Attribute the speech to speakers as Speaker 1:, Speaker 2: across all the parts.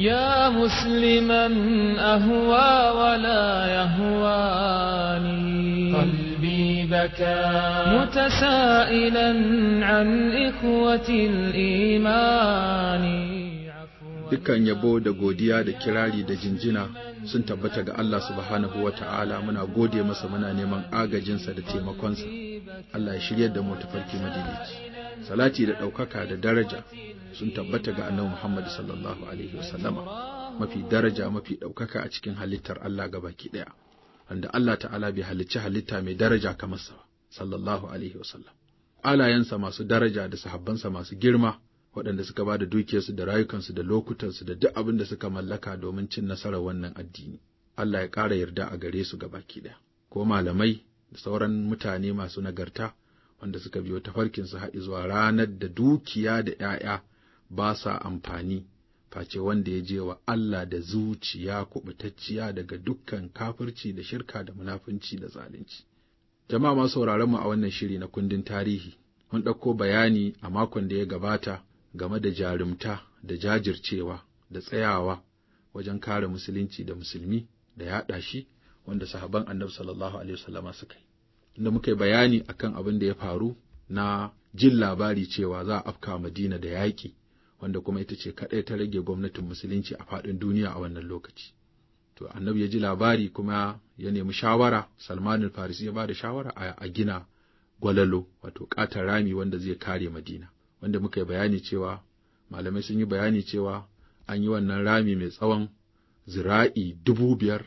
Speaker 1: يا مسلما أهوى ولا يهواني قلبي بكى متسائلا عن إخوة الإيمان dukkan yabo da godiya da kirari da jinjina sun tabbata ga Allah subhanahu wa ta'ala muna gode masa muna neman agajinsa da taimakonsa Allah ya shirya da mu tafarki madaidaici salati da ɗaukaka da daraja sun tabbata ga annabi Muhammad sallallahu alaihi wasallama mafi daraja mafi ɗaukaka a cikin halittar Allah ga baki ɗaya wanda Allah ta'ala bai halicci halitta mai daraja kamar sa sallallahu alaihi wasallam alayensa masu daraja da sahabbansa masu girma waɗanda suka ba da dukiyarsu da rayukansu da lokutansu da duk abin da suka mallaka domin cin nasarar wannan addini Allah ya ƙara yarda a gare su ga baki ɗaya ko malamai da sauran mutane masu nagarta wanda suka biyo su haɗi zuwa ranar da dukiya da ’ya'ya ba sa amfani, face wanda ya je wa Allah da zuciya kuɓutacciya daga dukkan kafirci da shirka da munafunci da zalunci. Jama'a masu sauraron mu a wannan shiri na kundin tarihi, mun ɗauko bayani a makon da ya gabata game da jarumta da jajircewa da tsayawa wajen kare musulunci da musulmi da yaɗa shi wanda sahaban annabi sallallahu alaihi wasallama suka yi. da muka yi bayani akan abin da ya faru na jin labari cewa za a afka Madina da yaƙi wanda kuma ita ce kaɗai ta rage gwamnatin musulunci a faɗin duniya a wannan lokaci. To annabi ya ji labari kuma ya nemi shawara, Salman farisi ya ba da shawara a gina gwalalo wato ƙatar rami wanda zai kare Madina, wanda muka yi bayani cewa malamai sun yi bayani cewa an yi wannan rami mai tsawon zira'i dubu biyar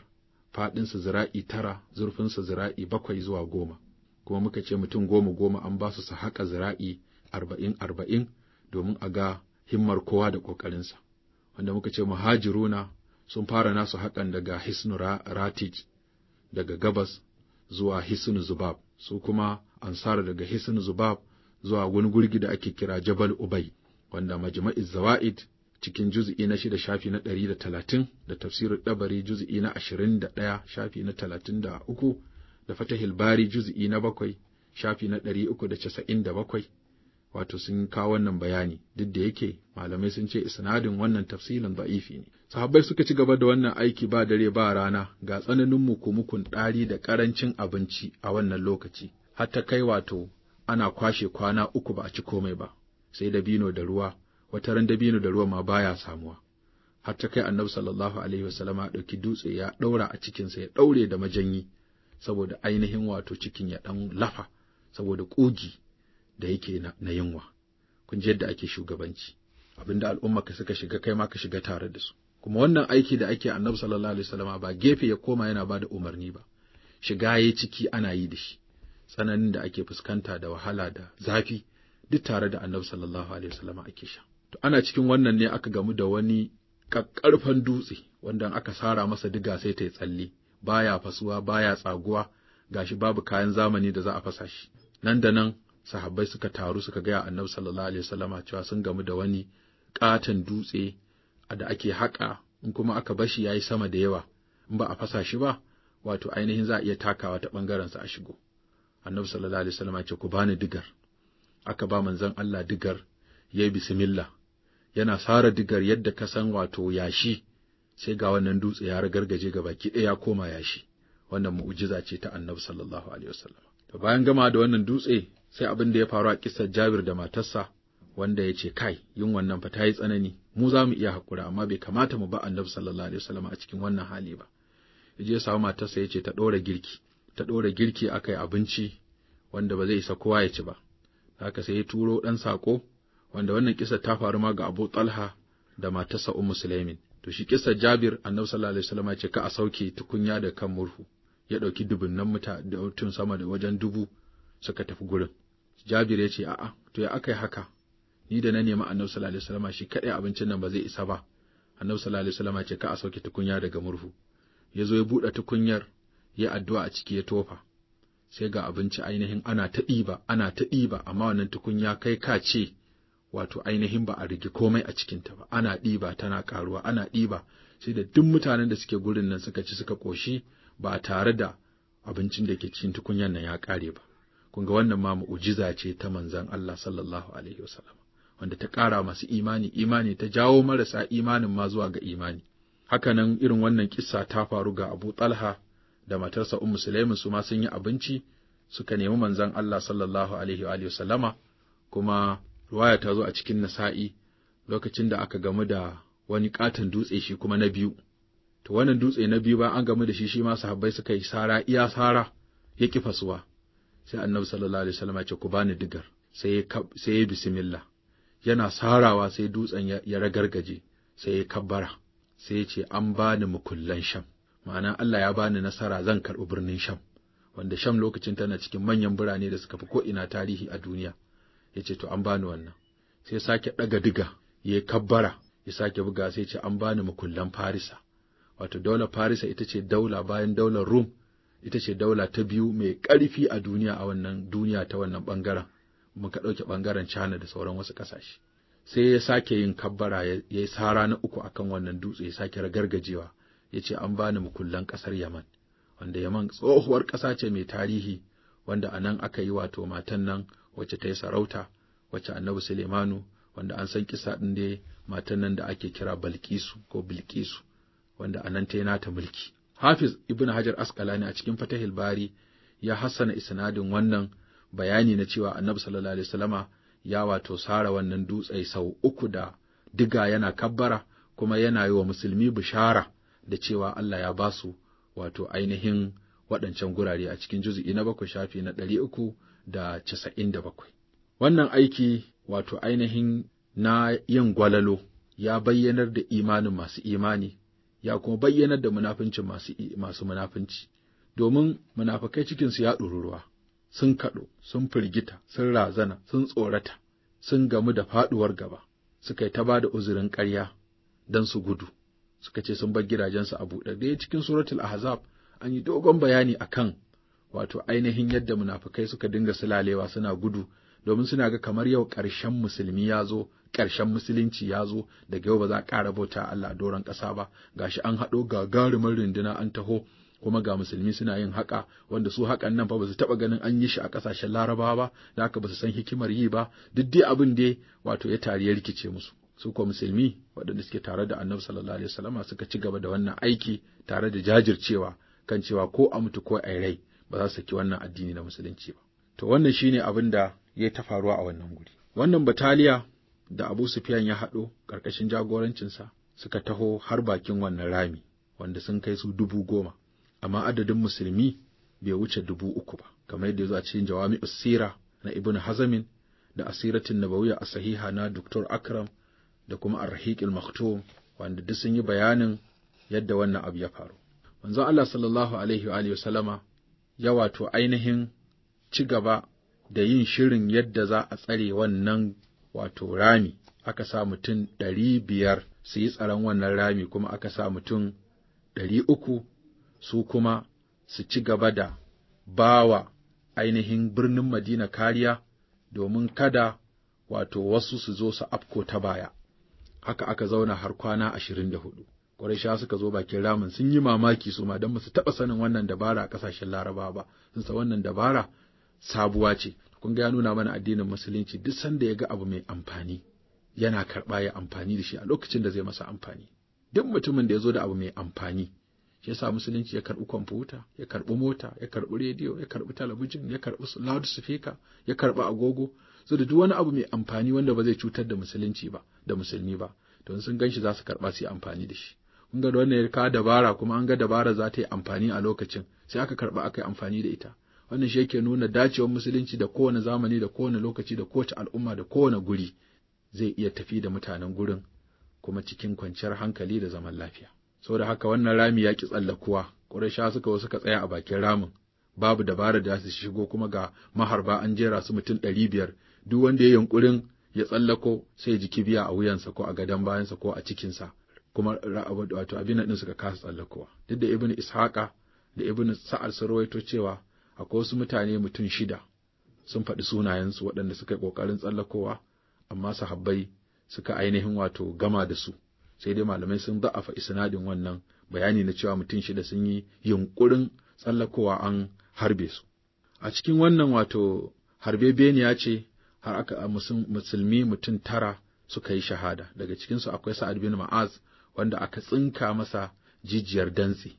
Speaker 1: faɗinsa zira'i tara, zurfinsa zira'i bakwai zuwa goma, kuma muka ce mutum goma goma an ba su su haƙa zira'i arba'in arba'in domin a ga himmar kowa da ƙoƙarinsa. Wanda muka ce muhajiruna sun fara nasu haƙan daga Hisnu Ratij, daga gabas zuwa Hisnu Zubab, su kuma ansar daga Hisnu Zubab zuwa wani gurgi da ake kira Jabal ubai wanda majma'iz Zawa'id cikin juz'i na shida shafi na ɗari da talatin da tafsirin ɗabari juz'i na ashirin da ɗaya shafi na talatin da uku da fatahil bari juz'i na bakwai shafi na ɗari uku da casa'in da bakwai wato sun kawo wannan bayani duk da yake malamai sun ce isnadin wannan tafsirin da'ifi ne sahabbai suka ci gaba da wannan aiki ba dare ba rana ga tsananin mukumukun ɗari da ƙarancin abinci a wannan lokaci har kai wato ana kwashe kwana uku ba a ci komai ba sai da bino da ruwa wata ran dabino da ruwa ma baya samuwa har ta kai annabi sallallahu alaihi wasallama ya ɗauki dutse ya ɗaura a cikin sa ya ɗaure da majanyi saboda ainihin wato cikin ya ɗan lafa saboda ƙugi da yake na yunwa kun ji yadda ake shugabanci abinda al'umma ka suka shiga kai ma ka shiga tare da su kuma wannan aiki da ake annabi sallallahu alaihi wasallama ba gefe ya koma yana bada umarni ba shiga yayi ciki ana yi da shi tsananin da ake fuskanta da wahala da zafi duk tare da annabi sallallahu alaihi wasallama ake sha To ana cikin wannan ne aka gamu da wani ƙaƙƙarfan dutse wanda aka sara masa diga sai ta yi tsalle, baya fasuwa, baya tsaguwa, gashi babu kayan zamani da za a fasa shi. Nan da nan sahabbai suka taru suka gaya Annabi sallallahu alaihi wasallama cewa sun gamu da wani ƙaton dutse da ake haƙa in kuma aka bashi yi sama da yawa, in ba a fasa shi ba, wato ainihin za a iya takawa ta ɓangarensa a shigo. Annabi sallallahu alaihi wasallama ce ku bani digar. Aka ba manzon Allah digar yayi bismillah yana sara digar yadda ka san wato yashi sai ga wannan dutse ya ragargaje ga baki ɗaya ya koma yashi wannan mu'ujiza ce ta Annabi sallallahu alaihi wasallam to bayan gama da wannan dutse sai abin da ya faru a kissar Jabir da matarsa wanda ya ce kai yin wannan fa ta yi tsanani mu za mu iya haƙura amma bai kamata mu ba Annabi sallallahu alaihi wasallam a cikin wannan hali ba ya je samu matarsa ya ce ta ɗora girki ta ɗora girki aka yi abinci wanda ba zai isa kowa ya ci ba haka sai ya turo ɗan saƙo wanda wannan kisa ta faru ma ga Abu Talha da matarsa Ummu Sulaimin to shi kisa Jabir Annabi sallallahu alaihi wasallam ce ka a sauke tukunya da kan murhu ya ɗauki dubunnan muta da tun sama da wajen dubu suka tafi gurin Jabir ya ce a'a to ya aka yi haka ni da na nemi Annabi sallallahu alaihi wasallam shi kadai abincin nan ba zai isa ba Annabi sallallahu alaihi wasallam ce ka a sauke tukunya daga murhu ya zo ya buɗe tukunyar ya addu'a a ciki ya tofa sai ga abinci ainihin ana ta ɗiba ana ta ɗiba amma wannan tukunya kai ka ce wato ainihin ba a rige komai a cikinta ba ana ɗiba tana ƙaruwa ana ɗiba sai da duk mutanen da suke gurin nan suka ci suka ƙoshi ba tare da abincin da ke cikin tukunyan nan ya ƙare ba kun ga wannan ma mu'jiza ce ta manzon Allah sallallahu alaihi wasallam wanda ta ƙara masu imani imani ta jawo marasa imanin ma zuwa ga imani hakanan irin wannan kissa ta faru ga Abu Talha da matarsa Ummu Sulaiman su ma sun yi abinci suka nemi manzon Allah sallallahu alaihi wa sallama kuma ruwaya ta zo a cikin nasa'i lokacin da aka gamu da wani katon dutse shi kuma na biyu to wannan dutse na biyu ba an gamu da shi shi ma sahabbai suka yi sara iya sara ya ki fasuwa sai annabi sallallahu alaihi wasallam ya ce ku bani digar sai sai ya bismillah yana sarawa sai dutsen ya ragargaje sai ya kabbara sai ya ce an bani mukullan sham ma'ana Allah ya bani nasara zan karɓi birnin sham wanda sham lokacin tana cikin manyan birane da suka fi ko'ina tarihi a duniya ya ce to an bani wannan sai sake ɗaga diga ya kabbara ya sake buga sai ce an bani mukullan farisa wato daular farisa ita ce daula bayan daular rum ita ce daula ta biyu mai ƙarfi a duniya a wannan duniya ta wannan ɓangaren muka ɗauke ɓangaren China da sauran wasu ƙasashe. Sai ya sake yin kabbara ya yi sara na uku akan wannan dutse ya sake ragargajewa ya ce an bani mukullan ƙasar Yaman, wanda Yaman tsohuwar ƙasa ce mai tarihi wanda a nan aka yi wato matan nan wacce ta yi sarauta wacce annabi Sulemanu wanda an san kisa ɗin da matan nan da ake kira Balkisu ko Bilkisu wanda a nan ta yi nata mulki. Hafiz Ibn Hajar Asqalani a cikin Fatahil Bari ya hassana isnadin wannan bayani na cewa Annabi sallallahu alaihi wasallama ya wato sara wannan dutse sau uku da diga yana kabbara kuma yana yi wa musulmi bishara da cewa Allah ya basu wato ainihin waɗancan gurare a cikin juzu'i na bakwai shafi na ɗari uku da casa'in da bakwai. Wannan aiki wato ainihin na yin gwalalo ya bayyanar da imanin masu imani, ya kuma bayyanar da munafincin masu, masu munafinci, domin munafukai cikinsu ya ɗururuwa, sun kaɗo, sun firgita, sun razana, sun tsorata, sun gamu da faɗuwar gaba, suka yi ta ba da uzurin ƙarya don su gudu, suka ce sun bar gidajensu a buɗe. Daya cikin suratul Ahzab an yi dogon bayani akan wato ainihin yadda munafukai suka dinga sulalewa suna gudu domin suna ga kamar yau ƙarshen musulmi ya zo ƙarshen musulunci ya zo daga yau ba za a ƙara bauta Allah doron ƙasa ba gashi an haɗo gagarumin runduna an taho kuma ga musulmi suna yin haka wanda su hakan nan fa ba su taba ganin an yi shi a ƙasashen larabawa ba da haka ba su san hikimar yi ba duk dai abin da wato ya tari ya rikice musu su kuwa musulmi waɗanda suke tare da annabi sallallahu alaihi wasallama suka ci gaba da wannan aiki tare da jajircewa kan cewa ko a mutu ko a rai ba za su saki wannan addini na musulunci ba to wannan shine abin da ya ta faruwa a wannan guri wannan bataliya da Abu Sufyan ya haɗo ƙarƙashin jagorancinsa suka taho har bakin wannan rami wanda sun kai su dubu goma amma adadin musulmi bai wuce dubu uku ba kamar yadda zo a cikin jawami usira na ibnu hazamin da asiratin nabawiyya a sahiha na Dr. akram da kuma arhiqil maktum wanda duk sun yi bayanin yadda wannan abu ya faru Manzo Allah sallallahu alaihi wa alihi ya wato ainihin ci gaba da yin shirin yadda za a tsare wannan wato rami aka sa mutum ɗari biyar su yi tsaron wannan rami kuma aka sa mutum ɗari uku su kuma su ci gaba da bawa ainihin birnin Madina kariya domin kada wato wasu su zo su afko ta baya. Haka aka zauna har kwana ashirin da hudu. sha suka zo bakin ramin sun yi mamaki su ma don ba su taɓa sanin wannan dabara a ƙasashen Laraba ba, sun san wannan dabara sabuwa ce. Kun ga ya nuna mana addinin Musulunci duk sanda ya ga abu mai amfani yana karɓa ya amfani da shi a lokacin da zai masa amfani. Duk mutumin da ya zo da abu mai amfani shi yasa musulunci ya karɓi kwamfuta ya karɓi mota ya karɓi rediyo ya karɓi talabijin ya karɓi loudspeaker ya karɓi agogo so da duk wani abu mai amfani wanda ba zai cutar da musulunci ba da musulmi ba don sun ganshi za su karɓa su yi amfani da shi in ga wannan ya dabara kuma an ga dabara za ta yi amfani a lokacin sai aka karɓa aka yi amfani da ita wannan shi yake nuna dacewar musulunci da kowane zamani da kowane lokaci da kowace al'umma da kowane guri zai iya tafi da mutanen gurin kuma cikin kwanciyar hankali da zaman lafiya da haka wannan rami ya ki tsallakuwa ƙurasha suka wasu suka tsaya a bakin ramin babu dabara da su shigo kuma ga maharba an jera su mutum ɗari biyar duk wanda ya yunƙurin ya tsallako sai ji kibiya a wuyansa ko a gadon bayansa ko a cikinsa kuma wato abin din suka kasa tsallakowa duk da ibnu ishaqa da ibnu sa'ad sun rawaito cewa akwai wasu mutane mutum shida sun faɗi sunayensu waɗanda suka yi ƙoƙarin tsallakowa amma sahabbai suka ainihin wato gama da su sai dai malamai sun da'afa isnadin wannan bayani na cewa mutum shida sun yi yunƙurin tsallakowa an harbe su a cikin wannan wato harbe beniya ce har aka musulmi mutum tara suka yi shahada daga cikinsu akwai sa'ad bin ma'az wanda aka tsinka masa jijiyar dantse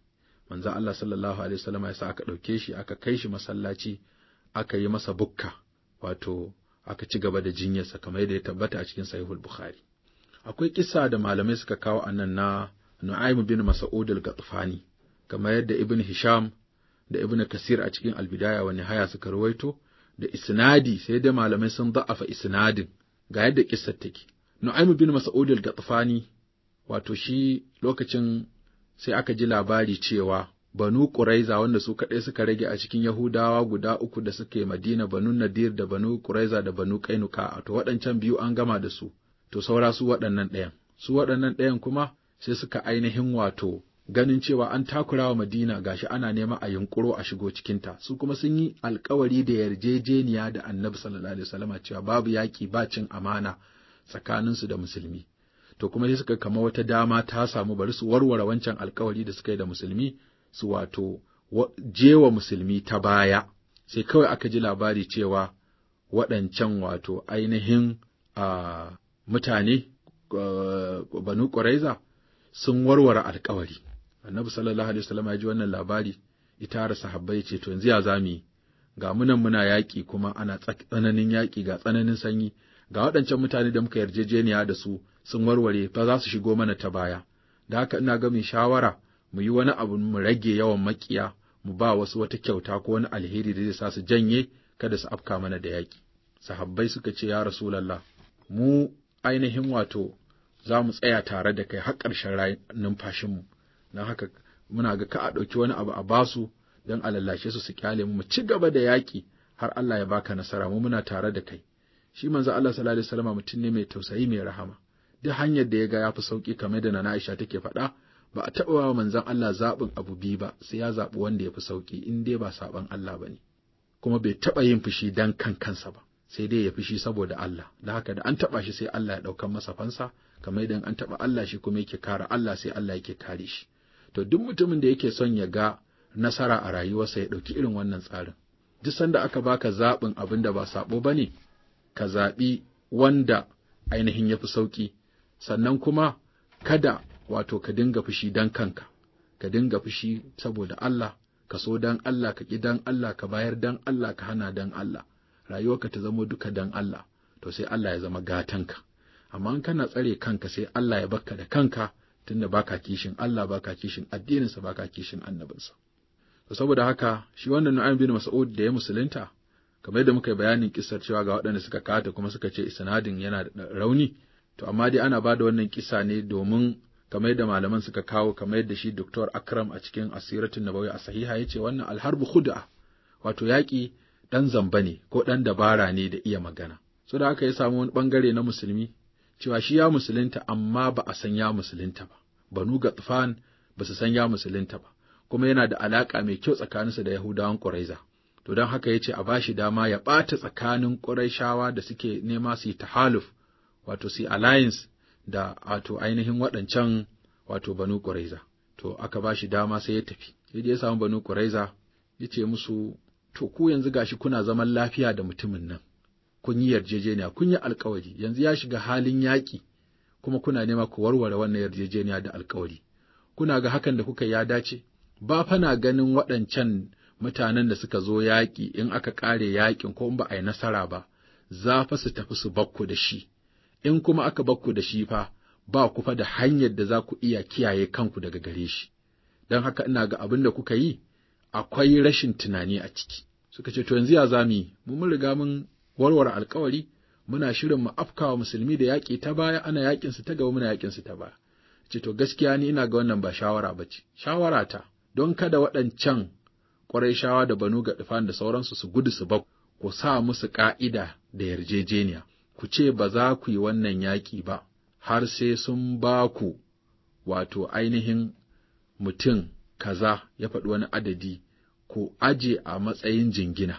Speaker 1: manzon Allah sallallahu alaihi wasallam ya sa aka ɗauke shi aka kai shi masallaci aka yi masa bukka wato aka ci gaba da jinyarsa kamar yadda ya tabbata a cikin sahihul bukhari akwai kisa da malamai suka kawo annan na Nu'aym bin Mas'ud al-Ghatfani kamar yadda Ibn Hisham da Ibn Kasir a cikin Al-Bidaya wa Nihaya suka rawaito da isnadi sai dai malamai sun da'afa isnadin ga yadda kissar take Nu'aym bin Mas'ud al-Ghatfani wato shi lokacin sai aka ji labari cewa Banu Ƙuraiza wanda su kaɗai suka rage a cikin Yahudawa guda uku da suke Madina Banu Nadir da Banu Ƙuraiza da Banu Kainuka to waɗancan biyu an gama da su to saura su waɗannan ɗayan su waɗannan ɗayan kuma sai suka ainihin wato ganin cewa an takura takurawa Madina gashi ana nema a yunƙuro a shigo cikinta su kuma sun yi alkawari da yarjejeniya da Annabi sallallahu alaihi wasallama cewa babu yaƙi ba cin amana tsakaninsu da musulmi to kuma sai suka kama wata dama ta samu bari su warware wancan alkawari da suka yi da musulmi su wato jewa musulmi ta baya sai kawai aka ji labari cewa waɗancan wato ainihin a mutane banu ƙuraiza sun warware alkawari annabi sallallahu alaihi wasallam ya ji wannan labari ita har sahabbai ce to yanzu ya zami ga munan muna yaƙi kuma ana tsananin yaƙi ga tsananin sanyi ga waɗancan mutane da muka yarjejeniya da su sun warware fa za su shigo mana ta baya da haka ina ga mai shawara mu yi wani abu mu rage yawan makiya mu ba wasu wata kyauta ko wani alheri da zai sa su janye kada su afka mana da yaƙi sahabbai suka ce ya rasulallah mu ainihin wato za mu tsaya tare da kai har ƙarshen numfashinmu haka muna ga ka a ɗauki wani abu a basu don a su su kyale mu ci gaba da yaƙi har Allah ya baka nasara mu muna tare da kai shi manzo Allah sallallahu alaihi wasallam mutum ne mai tausayi mai rahama duk hanyar da ya ga ya fi sauƙi kamar da na Aisha take faɗa ba a taɓa wa manzon Allah zaɓin abu biyu ba sai ya zaɓi wanda ya fi sauƙi in dai ba saɓan Allah ba ne kuma bai taɓa yin fushi dan kan kansa ba sai dai ya fushi saboda Allah da haka da an taɓa shi sai Allah ya ɗaukan masa fansa kamar idan an taɓa Allah shi kuma yake kare Allah sai Allah yake kare shi to duk mutumin da yake son ya ga nasara a rayuwarsa ya ɗauki irin wannan tsarin duk sanda aka baka zaɓin abin da ba saɓo ba ne ka zaɓi wanda ainihin ya fi sauƙi sannan kuma kada wato ka dinga fushi dan kanka ka dinga fushi saboda Allah ka so dan Allah ka ƙi dan Allah ka bayar dan Allah ka hana dan Allah rayuwarka ta zama duka dan Allah to sai Allah ya zama gatan ka. amma in kana tsare kanka sai Allah ya bakka da kanka tunda baka kishin Allah baka kishin addininsa baka kishin annabinsa saboda haka shi wannan Nu'aym bin Mas'ud da ya musulunta kamar yadda muka yi bayanin kisar cewa ga waɗanda suka kata kuma suka ce isnadin yana da rauni To amma dai ana ba da wannan kisa ne domin kamar yadda malaman suka kawo kamar yadda shi Dr. Akram a cikin Asiratun Nabawi a sahiha ya ce wannan alharbu khud'a wato yaƙi ɗan zamba ne ko ɗan dabara ne da iya magana. So da aka ya samu wani ɓangare na musulmi cewa shi ya musulunta amma ba a san ya musulunta ba. Banu Gatfan ba su san ya musulunta ba kuma yana da alaƙa mai kyau tsakaninsa da Yahudawan ƙuraiza. To don haka ya ce a bashi dama ya ɓata tsakanin Qurayshawa da suke nema su yi tahaluf wato su alliance da wato ainihin waɗancan wato Banu Quraiza. To aka ba shi dama sai ya tafi, Sai ya samu Banu Quraiza ya ce musu to ku yanzu gashi kuna zaman lafiya da mutumin nan. Kun yi yarjejeniya, kun yi alkawari, yanzu ya shiga halin yaƙi, kuma kuna nema ku warware wannan yarjejeniya da alkawari. Kuna ga hakan da kuka ya dace, ba fana ganin waɗancan mutanen da suka zo yaƙi in aka ƙare yaƙin ko in ba a yi nasara ba, za fa su tafi su bakku da shi, in kuma aka bakku da shi fa, ba ku fa da hanyar da za ku iya kiyaye kanku daga gare shi, don haka ina ga abin da kuka yi akwai rashin tunani a ciki. Suka ce, To yanzu ya za mu yi, mun riga mun warware alkawari, muna shirin mu afkawa musulmi da yaƙi ta baya, ana yaƙinsu ta gaba muna yaƙinsu ta baya. ce to gaskiya ni ina ga wannan ba shawara ba ce, shawara ta, don kada waɗancan ƙwarai shawa da banu ga da sauransu su gudu su bak, ku sa musu ƙa'ida da yarjejeniya. ku ce ba za ku yi wannan yaƙi ba, har sai sun ba ku wato ainihin mutum kaza ya faɗi wani adadi ku aje a matsayin jingina,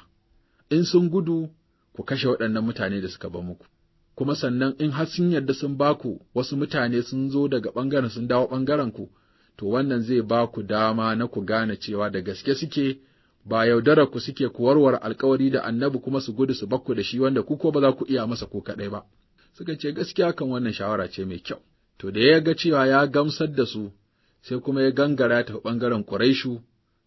Speaker 1: in sun gudu ku kashe waɗannan mutane da suka ba muku, kuma sannan in har sun yarda sun ba ku wasu mutane sun zo daga ɓangaren sun dawo ɓangaren ku, to wannan zai ba ku dama na ku gane cewa da gaske suke ba yaudarar ku suke ku warware alkawari da annabi kuma su gudu su bakku da shi wanda ku ko ba za ku iya masa ko kaɗai ba. Suka ce gaskiya kan wannan shawara ce mai kyau. To da ya ga cewa ya gamsar da su, sai kuma ya gangara ta ɓangaren Quraishu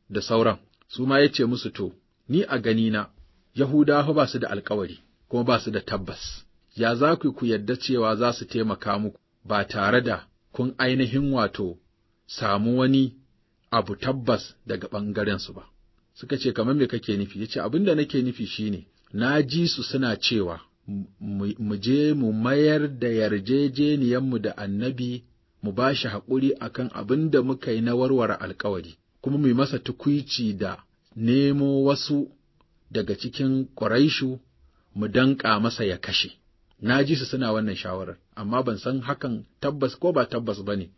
Speaker 1: da sauran, su ma ya ce musu to, ni a ganina, Yahudawa ba su da alkawari, kuma ba su da tabbas. Ya za ku ku yarda cewa za su taimaka muku ba tare da kun ainihin wato samu wani abu tabbas daga ɓangarensu ba. suka ce kamar me kake nufi yace abin da nake nufi shine na ji su suna cewa mu je mu mayar da yarjejeniyanmu da annabi mu ba shi haƙuri a kan abin da muka yi na warware alkawari kuma mu masa tukuici da nemo wasu daga cikin ƙwaraishu mu danƙa masa ya kashe na ji su suna wannan shawarar amma ban san hakan tabbas ko ba tabbas ba ne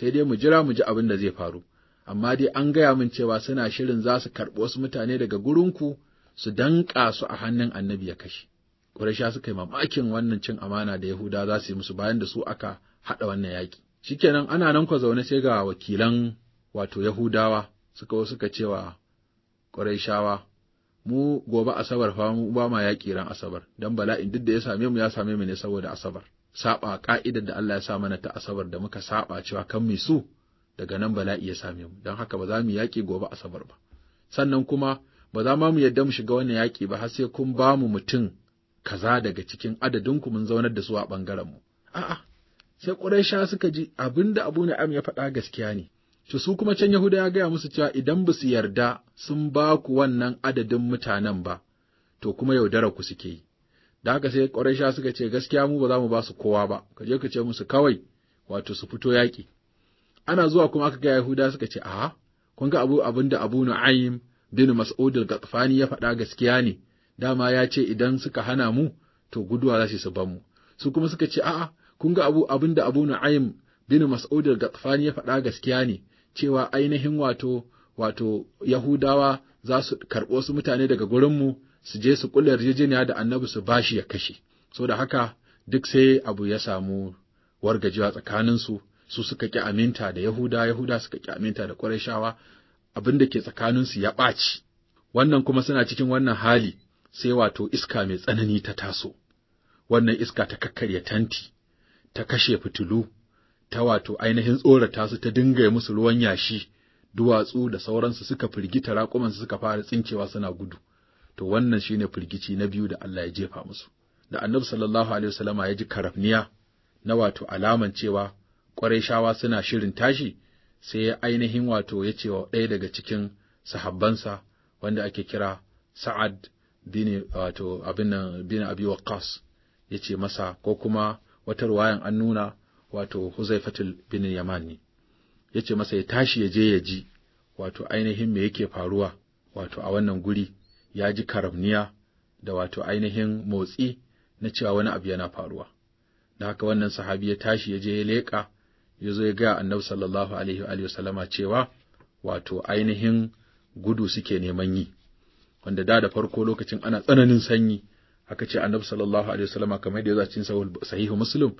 Speaker 1: sai dai mu jira mu ji abin da zai faru amma dai an gaya min cewa suna shirin za su karɓi wasu mutane daga gurinku su danƙa su a hannun annabi ya kashe. Ƙurasha suka yi mamakin wannan cin amana da Yahuda za su yi musu bayan da su aka haɗa wannan yaƙi. Shikenan ana nan kwa zaune sai ga wakilan wato Yahudawa suka wasu suka cewa Ƙurashawa mu gobe Asabar fa mu ba ma yaƙi ran Asabar dan bala'in duk da ya same mu ya same mu ne saboda Asabar. Saɓa ƙa'idar da Allah ya sa mana ta Asabar da muka saɓa cewa kan mai su daga nan bala'i iya same mu don haka ba za mu yaƙi gobe asabar ba sannan kuma ba za ma mu yadda mu shiga wannan yaƙi ba har sai kun ba mu mutum kaza daga cikin adadin ku mun zaunar da su a bangaren mu a'a sai quraisha suka ji abinda Abu am ya faɗa gaskiya ne to su kuma can Yahuda ya gaya musu cewa idan ba su yarda sun ba ku wannan adadin mutanen ba to kuma yaudara ku suke yi da haka sai quraisha suka ce gaskiya mu ba za mu ba su kowa ba ka je ka ce musu kawai wato su fito yaƙi ana zuwa kuma aka ga Yahuda suka ce a kun ga abu abin da Abu Nu'aym bin Mas'ud al ya faɗa gaskiya ne dama ya ce idan suka hana mu to guduwa za su ban mu su kuma suka ce a'a kun ga abu abin da Abu Nu'aym bin Mas'ud al ya faɗa gaskiya ne cewa ainihin wato wato Yahudawa za su karɓo su mutane daga gurin mu su je su kula yarjejeniya da Annabi su bashi ya kashe so da haka duk sai abu ya samu wargajewa tsakaninsu su suka ƙi aminta da Yahuda, Yahuda suka ƙi aminta da Ƙurayshawa, abin da ke tsakaninsu ya ɓaci. Wannan kuma suna cikin wannan hali, sai wato iska mai tsanani ta taso, wannan iska ta kakkarya tanti, ta kashe fitilu, ta wato ainihin tsorata su ta dinga musu ruwan yashi, duwatsu da sauransu suka firgita raƙumansu suka fara tsinkewa suna gudu. To wannan shi ne firgici na biyu da Allah ya jefa musu. Da Annabi sallallahu alaihi wasallama ya ji karafniya na wato alaman cewa Ƙwarai suna shirin tashi, sai ya ainihin wato ya ce wa ɗaya daga cikin sahabbansa wanda ake kira Sa'ad bin wato abinnan Abi Waqqas ya ce masa ko kuma wata ruwayan an nuna wato Huzaifatul bin Yamani ya ce masa ya tashi ya je ya ji wato ainihin me yake faruwa wato a wannan guri ya ji karamniya da wato ainihin motsi na cewa wani abu yana faruwa da haka wannan sahabi ya tashi ya je ya leƙa ya zo ya gaya annabi sallallahu alaihi wa sallama cewa wato ainihin gudu suke neman yi wanda da da farko lokacin ana tsananin sanyi aka ce annabi sallallahu alaihi wa sallama kamar yadda ya cikin sahihu muslim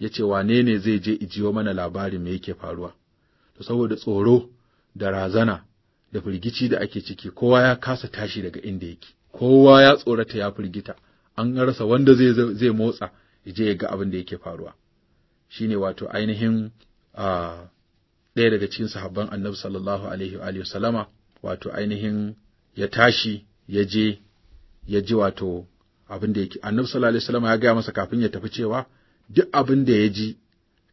Speaker 1: ya ce wane ne zai je ijiyo mana labarin me yake faruwa to saboda tsoro da razana da firgici da ake ciki kowa ya kasa tashi daga inda yake kowa ya tsorata ya firgita an rasa wanda zai zai motsa ya je ya ga abin da yake faruwa Shi ne wato ainihin ɗaya daga cikin sahabban annabi sallallahu alaihi wa sallama wato ainihin ya tashi ya je ya ji wato abin da yake annabi sallallahu alaihi wasallam ya gaya masa kafin ya tafi cewa duk abin da ya ji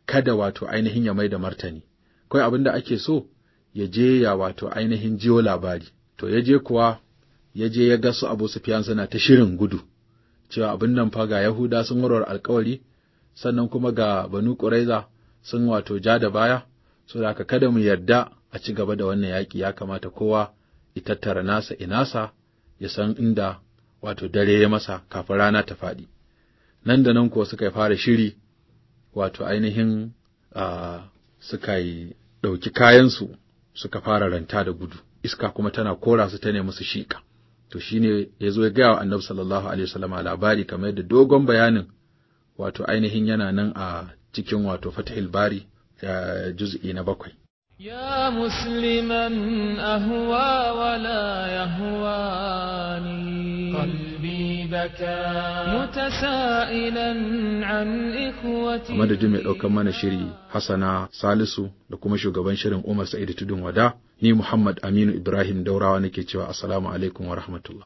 Speaker 1: kada wato ainihin ya mai da martani kai abin da ake so ya je ya wato ainihin jiyo labari to ya je kuwa ya je ya ga su Abu Sufyan suna ta shirin gudu cewa abin nan fa ga Yahuda sun warware alkawari sannan kuma ga Banu ƙuraiza sun wato ja da baya, so da haka kada mu yarda a ci gaba da wannan yaƙi ya kamata kowa ya tattara nasa inasa ya san inda wato dare ya masa kafin rana ta faɗi. Nan da nan kuwa suka fara shiri wato ainihin suka yi ɗauki kayansu suka fara ranta da gudu, iska kuma tana kora su ta nemi su shiƙa. To shi ne ya zo ya gaya wa annabi sallallahu alaihi a labari kamar yadda dogon bayanin wato ainihin yana nan a cikin wato Fathul Bari eh, juz'i na bakwai. Ya musliman ahuwa wa la yahwani baka an ikhwati Amma da mai ɗaukar mana shiri Hassana Salisu da kuma shugaban shirin Umar Sa'idu Tudun Wada ni Muhammad Aminu Ibrahim Daurawa nake cewa assalamu alaikum wa rahmatullah